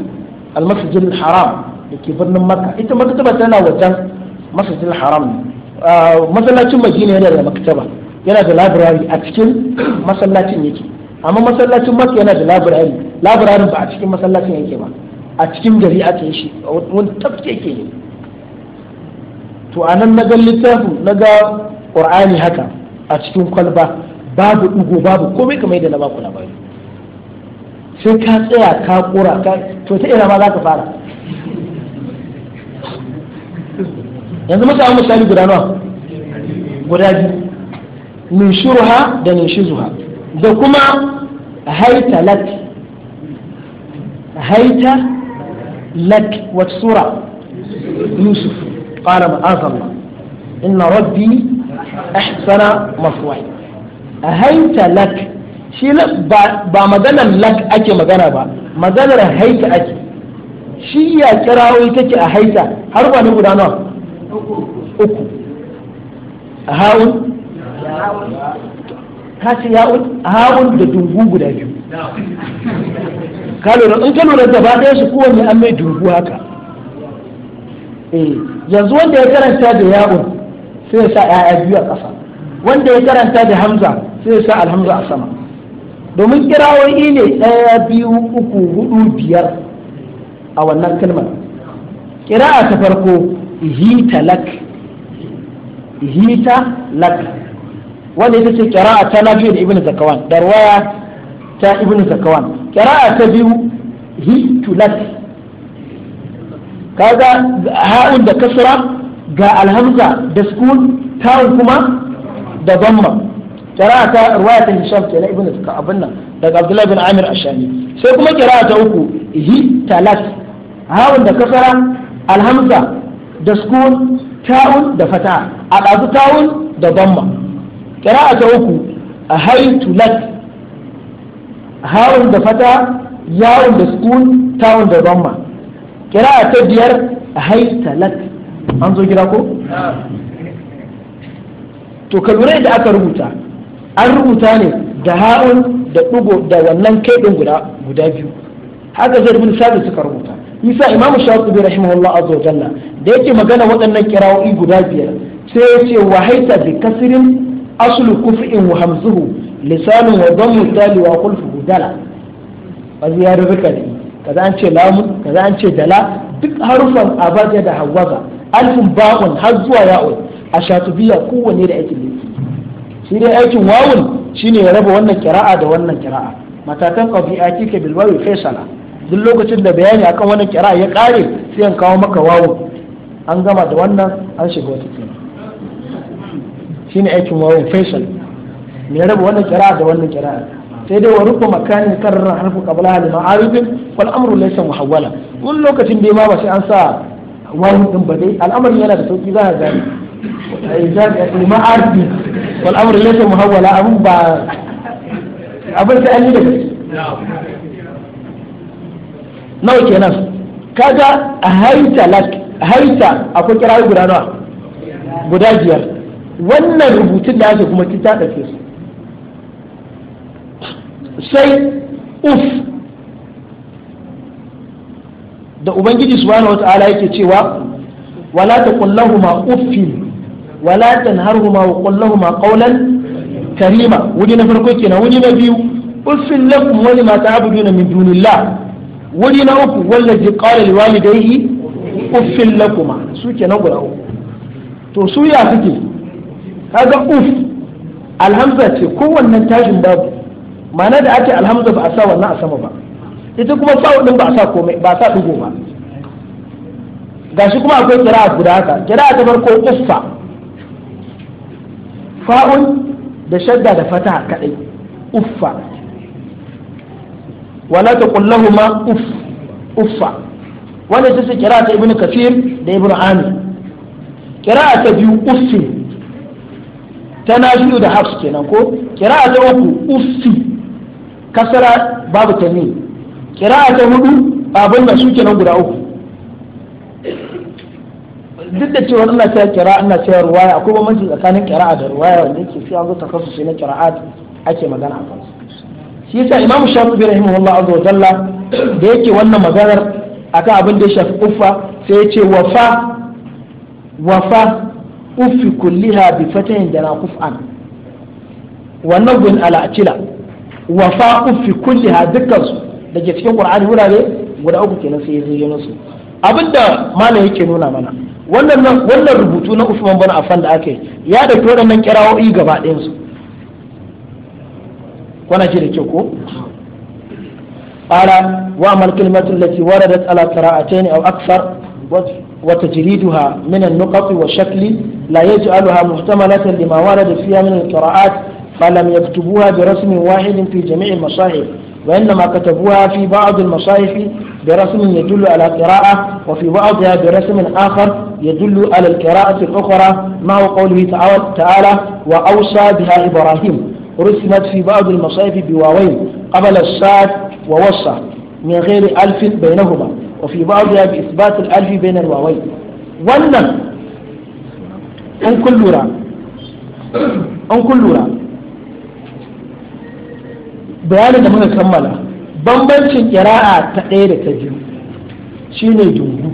al-masjidil haram da ke birnin makka ita maktaba tana wajen masjidil haram ne masallacin madina yana da maktaba yana da labirari a cikin masallacin yake amma masallacin maka yana da labirari labirarin ba a cikin masallacin yake ba a cikin gari yi shi wani tafke ke ne to a nan na ga littafin na ga ƙur'ani haka a cikin kwalba babu ɗugo babu komai kamar yadda na baku labari sai ka tsaya ka kura ka to ta ina ma za ka fara yanzu muka misali guda nawa guda biyu nishurha da nishizuha da kuma haitalat haita lak wata sura yusuf qala ma'azallah inna rabbi ahsana maswai haita lak shi ba maganar lak ake magana ba maganar haita ake shi ya kirawo ita ce a haita har ba ni guda nawa uku a ha'un ka ce ya'un da dungu guda biyu
ka lura in ka lura ba ɗaya su
kowanne an mai dungu haka eh, yanzu wanda ya karanta da yawon sai ya sa ya'ya biyu a ƙasa wanda ya karanta da hamza sai ya sa alhamza a sama domin kirawoyi ne ɗaya biyu uku hudu biyar a wannan kalmar kira'a ta farko ihita lak ihita lak wanda ita ce qira'a ta nafi da ibnu zakawan da ruwaya ta ibnu zakawan qira'a ta biyu hi tulat kaga ha'un da kasra ga alhamza da sukun ta'un kuma da damma qira'a ta ruwaya ta hisham kenan ibnu zakawan abin nan daga abdullahi bin amir ashami sai kuma qira'a ta uku hi talat ha'un da kasra alhamza da sukun ta'un da fata a ɗazu ta'un da damma ƙira'a ta uku a to lak harun da fata yawon da sukun tawon da kira a ta biyar a to lak an zo gida ko to ka lura da aka rubuta an rubuta ne da harun da ɗugo da wannan kaiɗin guda biyu haka zai rubuta sabi suka rubuta isa imam shafi rahimahullah azza wa jalla da yake magana waɗannan kira'o'i guda biyar sai ya ce wa haita bi kasirin aslu kuf'in wa hamzuhu lisanun wa dhammu tali wa qulfu dala ba ziyarar rika ne kaza an ce lamun kaza an ce dala duk harufan abaja da hawaza alfin ba'un har zuwa ya'un a shatubiya kowanne da aikin da shi dai aikin wawun shine ya raba wannan kira'a da wannan kira'a matakan qabi'a kike bil wawi faisala duk lokacin da bayani akan wannan kira'a ya kare sai an kawo maka wawun an gama da wannan an shiga wata kenan ne aikin wawon faisal me rabu wannan kira'a da wannan kira'a sai dai wa rubu makanin karar harfu Kabla da ma'arifin Walamur amru laysa muhawwala wani lokacin bai ma ba sai an sa wani din ba dai al'amarin yana da sauki za a gani
ma'arifi wal Walamur laysa muhawwala abun ba abin sai an yi da gaske
nawa kenan kaga a haita lak haita akwai kira guda nawa guda biyar wannan rubutun da ake kuma ki ta ɗauke su
sai uf
da ubangiji subhanahu ta'ala yake cewa wala ta lahumu uffin wala tanharhuma wa qul lahumu qawlan karima wuri na farko kenan wuri na biyu uffin lakum wa lima ta'buduna min dunillah wuri na uku wallazi qala liwalidayhi uffin lakuma su kenan guda uku to su ya suke kaga uf alhamza ce kowannen tashin babu ma'ana da ake alhamza ba a sa wannan a sama ba ita kuma fa'u din ba a sa komai ba a sa dugo ba gashi kuma akwai kira'a guda haka kira'a ta farko uffa fa'un da shadda da fataha kadai uffa wala taqul lahumu uff uffa wannan ta kira'a ta ibnu kafir da ibnu amir kira'a ta biyu uffin ta nafi'u da hafs kenan ko kira'a ta uku uffi kasara babu ta tanwin kira'a ta hudu abin da su kenan guda uku duk da cewa Allah sayar kira Allah ta ruwaya akwai bambanci tsakanin kira'a da ruwaya wanda yake sai an zo kasu na kira'at ake magana a kansu shi yasa Imam rahimu rahimahullah azza wa jalla da yake wannan maganar akan abin da ya shafi uffa sai ya ce wafa wafa ufi kulliha bi fatahin da na kuf'an wa nagun ala atila wa fa ufi kulliha dukkan su da ke cikin qur'ani wurare guda uku kenan sai ya zayyano su abinda malam yake nuna mana wannan rubutu na Usman bin Affan da aka yi ya da waɗannan kirawoyi gaba ɗayan su kwana ce da ke ko wa lati waradat ala qira'atayn aw akthar wa أو min an-nuqati wa shakli. لا يجعلها محتملة لما ورد فيها من القراءات فلم يكتبوها برسم واحد في جميع المصاحف وإنما كتبوها في بعض المصاحف برسم يدل على قراءة وفي بعضها برسم آخر يدل على القراءة الأخرى مع قوله تعالى وأوصى بها إبراهيم رسمت في بعض المصاحف بواوين قبل الصاد ووصى من غير ألف بينهما وفي بعضها بإثبات الألف بين الواوين wannan an kun lura
an
kun lura bayanin da muka kammala bambancin kira'a ta ɗaya da ta biyu shine dungu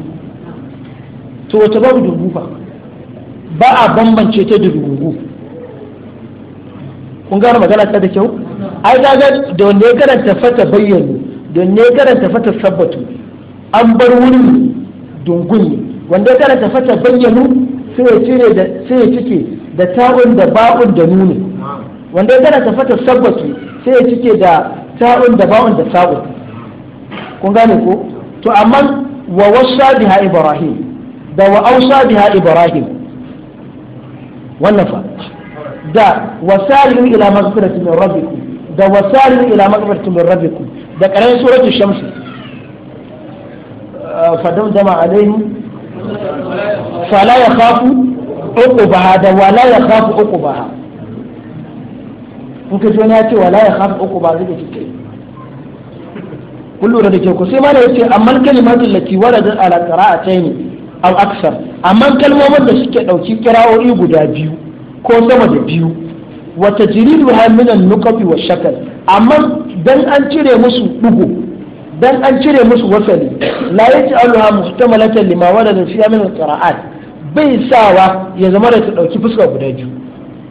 to wata babu dungu ba ba a bambance ta da dungu kun gano magana ta da kyau ai ga. da wanda ya karanta fata bayyano da wanda ya karanta fata sabbatu an bar wurin dungun ne wanda ya karanta fata bayyano sai ya cike da ta'un da ba'un da nuni wanda ya ta fata sabbatu sai ya cike da ta'un da ba'un da sa'un kun gane ko to amma wa wasa biha ibrahim da wa ausa biha ibrahim wannan fa da wasalihu ila maghfirati min rabbikum da wasalihu ila maghfirati min rabbikum da karan suratu shams fa dama alaihim
fala ya khafu uqbaha da wala ya khafu
uqbaha in ka ji wani ya ce wala ya uku uqbaha zai ce kai kun lura da ke ku sai ma da yace amma kalimatul lati waradat ala qira'atayn aw aksar amma kalmomin da suke dauki kirawoyi guda biyu ko sama da biyu wata jiridu hamilan nukafi wa shakal amma dan an cire musu dugu dan an cire musu wasali la yaji alha muhtamalatan lima warada fi amin alqira'at bai sawa ya zama da ta dauki fuska guda biyu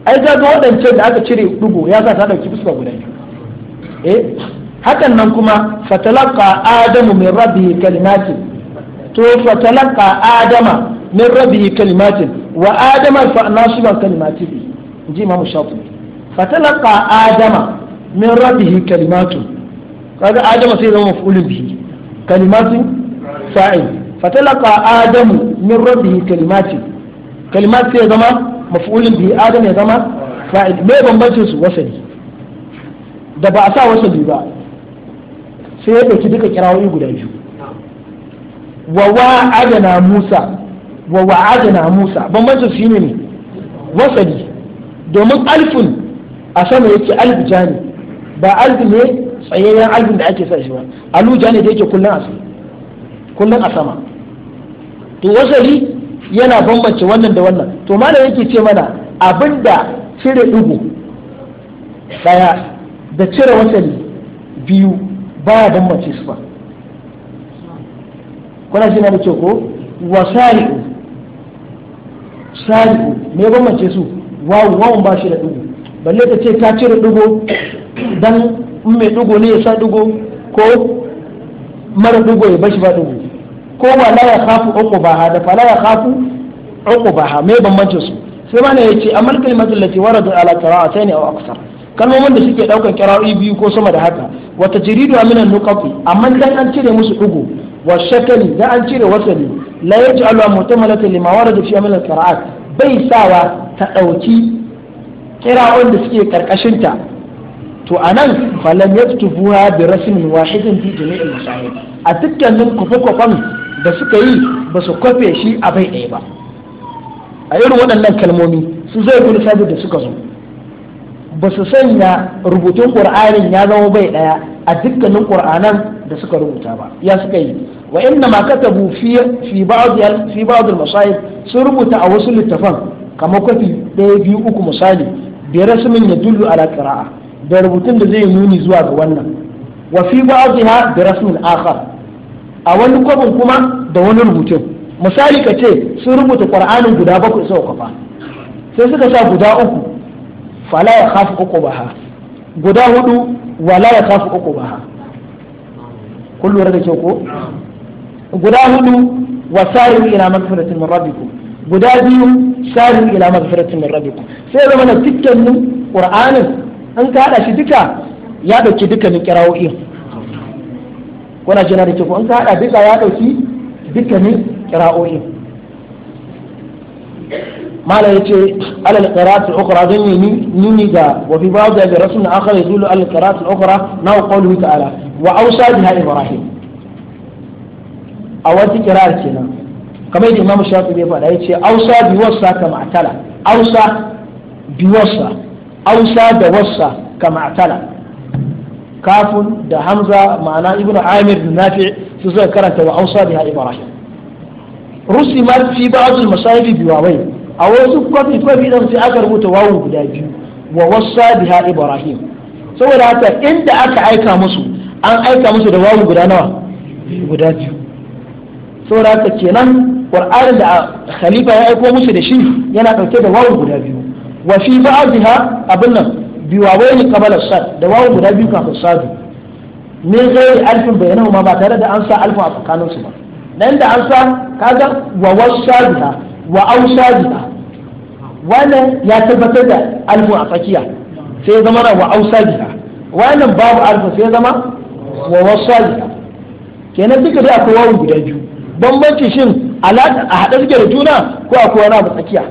ai ga ga wadance da aka cire dugo ya sa ta dauki fuska guda biyu eh hakan nan kuma fatalaqa adamu min rabbihi kalimatin to fatalaqa adama min rabbihi kalimatin wa adama fa nasiba kalimatin ji imam shafi fatalaqa adama min rabbihi kalimatin kaga adama sai zama maf'ulun bihi kalimatu fa'il fatalaka adamu min rabbihi kalimati kalimat sai zama maf'ulun bihi adamu ya zama fa'il me bambancin su wasali da ba a sa wasali ba sai ya dauki duka kirawoyi guda biyu wa wa'adana Musa wa wa'adana Musa bambancin su shine ne wasali domin alfun a sama yake alf jani ba alf ne tsayayyen albin da ake sa shi ba aluja ne da yake kullum a sama to wasali yana bambance wannan da wannan to mana yake ce mana abinda cire dugu daya da cire wasali biyu baya bambance su ba kuna shi na da ke ko wasari sari me bambance su wawu wawun ba shi da dugu balle ta ce ta cire dugu dan in mai dugo ne ya sa dugo ko mara dugo ya bashi ba dugo ko ba la ya khafu ha da fa la ya khafu ha mai bambancin su sai mana yace amal kalimatul lati warada ala qira'atayn aw aksar kalmomin da suke daukan qira'o'i biyu ko sama da haka wa tajridu min an-nuqati amma dan an cire musu dugo wa shakali da an cire wasali la yaj'alu mutamalatan lima warada fi amal al-qira'at bai sawa ta dauki qira'o'in da suke karkashin ta to anan falam yaktubuha da rasmin wahidin fi jami'il masahib a dukkanin kwafe-kwafen da suka yi ba su kwafe shi a bai ɗaya ba a irin waɗannan kalmomi su zai fi sabu da suka zo ba su sanya rubutun ƙur'anin ya zama bai ɗaya a dukkanin ƙur'anan da suka rubuta ba ya suka yi wa inna ma katabu fi fi ba'd fi sun rubuta a wasu littafan kamar kwafi ɗaya biyu uku misali bi ya dullu ala qira'a da rubutun da zai nuni zuwa ga wannan wa fi ba'dha da rasmin akhar a wani kwabin kuma da wani rubutun misali ka ce sun rubuta qur'anin guda bakwai sau kafa sai suka sa guda uku fala ya khafu baha. guda hudu wala ya khafu uqbaha baha. lura da ke ko guda hudu wa sari'u ila magfiratin min rabbikum guda biyu sari'u ila magfiratin min rabbikum sai zama na dukkanin qur'anin in ka hada shi duka ya dauki dukkanin kirawo'in kuna jina da ko in ka hada duka ya dauki dukkanin kirawo'in mala ya ce qira'at al zan yi ni nini ga wafi ba ba'd al rasu na akwai ya zulu al-ukhra na qawluhu ta'ala wa awsa biha ibrahim a wata kirar kenan kamar yadda imam shafi bai faɗa yace ce, bi wasa kama atala awsa bi wasa ausa da wasa kama tala kafin da hamza ma'ana ibn amir da nafi su suka karanta wa ausa biha ibrahim rusimat fi ba'd al-masahib biwawai a wasu kwafi kwafi dan sai aka rubuta wawu guda biyu wa wassa biha ibrahim saboda haka inda aka aika musu an aika musu da wawu guda nawa guda biyu saboda haka kenan qur'anin da khalifa ya aiko musu da shi yana dauke da wawu guda biyu wa fi ba'dha abin nan biwawaini qabala sad da wawu guda biyu kafin sadu ne gairi alfin bayyanahu ma ba tare da an sa alfin a tsakanin su ba nan da an sa kaga wa wasadiha wa ausadiha wannan ya tabbatar da alfin a tsakiya sai zama na wa ausadiha wannan babu alfin sai zama wa wasadiha kenan duka dai akwai wawu guda biyu bambanci shin a haɗa suke da juna ko akwai wani abu tsakiya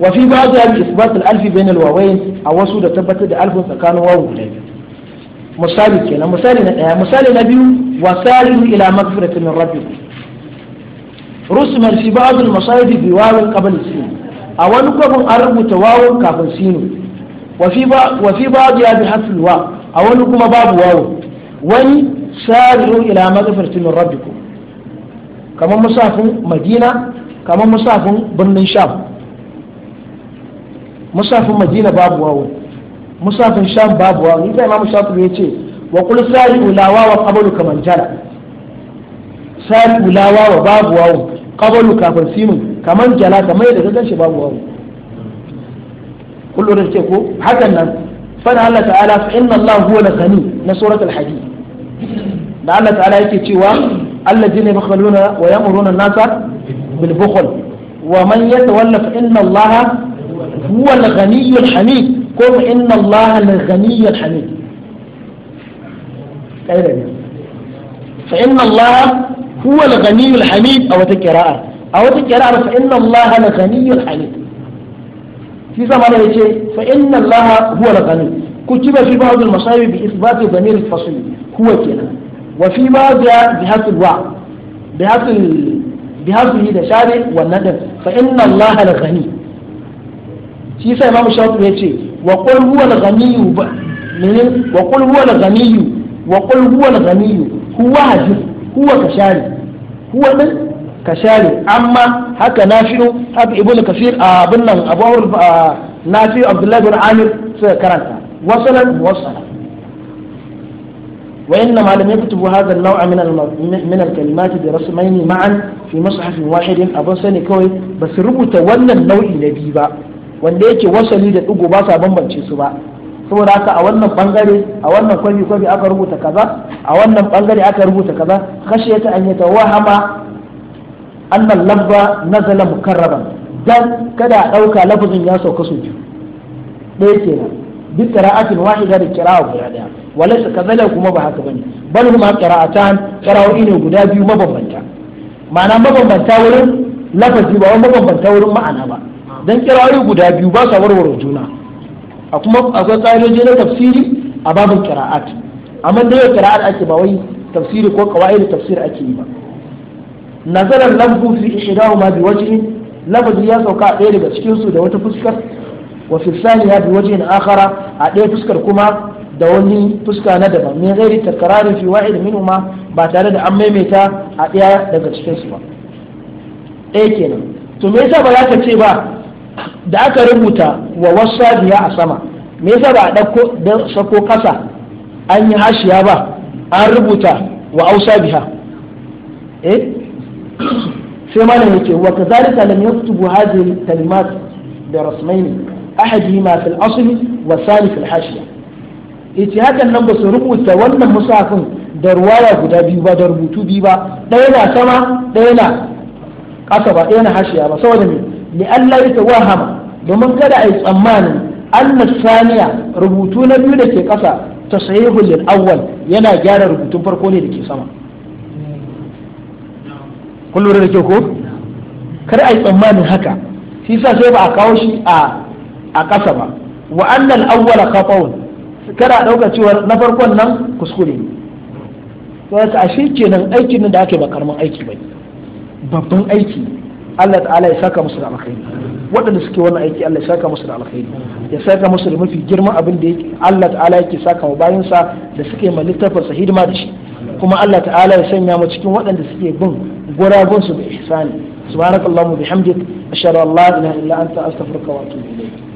wa fi ba'd al isbat al alf a wasu da tabbatar da alfin tsakanin wawu guda biyu misali kenan misali na biyu wa salihu ila magfiratin min rabbikum rusman fi ba'd al masayid bi wawin qabl sin a wani kwabin an rubuta wawun kafin sinu wa fi ba'd ya bi hasl a wani kuma babu wawun wani ila kamar madina kamar musafin birnin sham musafin madina babu wawo musafin sham babu wawo ni sai imamu shafi ya ce wa qul sari ulawa wa qablu kaman jara sari ulawa wa babu wawo qablu kafin simin kaman jala kamar yadda ka ganshi babu wawo kullu da ce ko hakan nan fa Allah ta'ala fa inna Allah huwa al-ghani na suratul hadid da Allah ta'ala yake cewa alladhina yabkhaluna wa ya'muruna an-nasa bil bukhl wa man yatawalla fa inna Allah هو الغني الحميد قل إن الله الغني الحميد طيب فإن الله هو الغني الحميد أو تكراء أو تكراء فإن الله الغني الحميد في زمان يجي فإن الله هو الغني كتب في بعض المصائب بإثبات ضمير الفصل هو كنا وفي بعض بهذا الوعد بهذا بهذا الشارع والندم فإن الله الغني shi yasa imam shafi ya ce wa qul huwa al-ghaniyyu wa qul huwa al-ghaniyyu wa qul huwa al-ghaniyyu huwa hadith huwa kashari huwa din kashari amma haka nafi'u haka ibnu kafir a abin nan abu nafi'u abdullahi bin amir suka karanta wasalan wasala وإنما لم يكتبوا هذا النوع من من الكلمات برسمين معا في مصحف واحد أبو سني كوي بس ربط ولا النوع الذي wanda yake wasali da ɗigo ba sa bambance su ba saboda haka a wannan bangare a wannan aka rubuta kaza a wannan bangare aka rubuta kaza khashiyata an yatawahama anna lafza nazala mukarraban dan kada a ɗauka lafazin ya sauka su biyu ɗaya kenan duk qira'atin wahida da qira'a guda daya walaysa kadhalika kuma ba haka bane bal ma qira'atan qira'o'i ne guda biyu mabambanta ma'ana mabambanta wurin lafazi ba wani mabambanta wurin ma'ana ba dan kirawoyi guda biyu ba su warware juna a kuma akwai ƙa'idoji na tafsiri a babin kira'at amma da yau kira'at ake ba wai tafsiri ko kawai da tafsiri ake yi ba nazarar lafzu fi ihdahu ma bi wajhi lafazi ya sauka a ɗaya daga cikin su da wata fuskar wa fi ya bi wajhin akhara a ɗaya fuskar kuma da wani fuska na daban min ghairi takrari fi wahid ma ba tare da an maimaita a ɗaya daga cikin su ba ɗaya kenan to me yasa ba za ka ce ba da aka rubuta wa wasu biya a sama me yasa ba a ɗauko da sako kasa an yi hashiya ba an rubuta wa ausa biha eh sai malam yake wa kadhalika lam yaktubu hadhihi kalimat bi rasmain ahadihima fil asl wa thani fil hashiya ita hakan nan ba su rubuta wannan musafin da ruwaya guda biyu ba da rubutu biyu ba ɗaya na sama ɗaya na ƙasa ba ɗaya na hashiya ba saboda me لألا يتوهم domin kada a yi tsammanin annas saniya rubutu na biyu da ke ƙasa ta sahihul lil awwal yana gyara rubutun farko ne da ke sama Kullum da ke ko kar a yi tsammanin haka shi sa sai ba a kawo shi a a ƙasa ba wa annan awwala kafawun kada a ɗauka cewa na farkon nan kuskure ne to ashe kenan aikin da ake ba karamin aiki bane babban aiki ne Allah ta'ala ya saka musu da alkhairi waɗanda suke wannan aiki Allah ya saka musu da alkhairi ya saka musu da mafi girman abin da yake Allah ta'ala yake saka mu bayan sa da suke ma littafin sa hidima da shi kuma Allah ta'ala ya sanya mu cikin waɗanda suke bin guragun su da ihsani subhanakallahumma bihamdik ashhadu an la ilaha illa anta astaghfiruka wa atubu
ilayk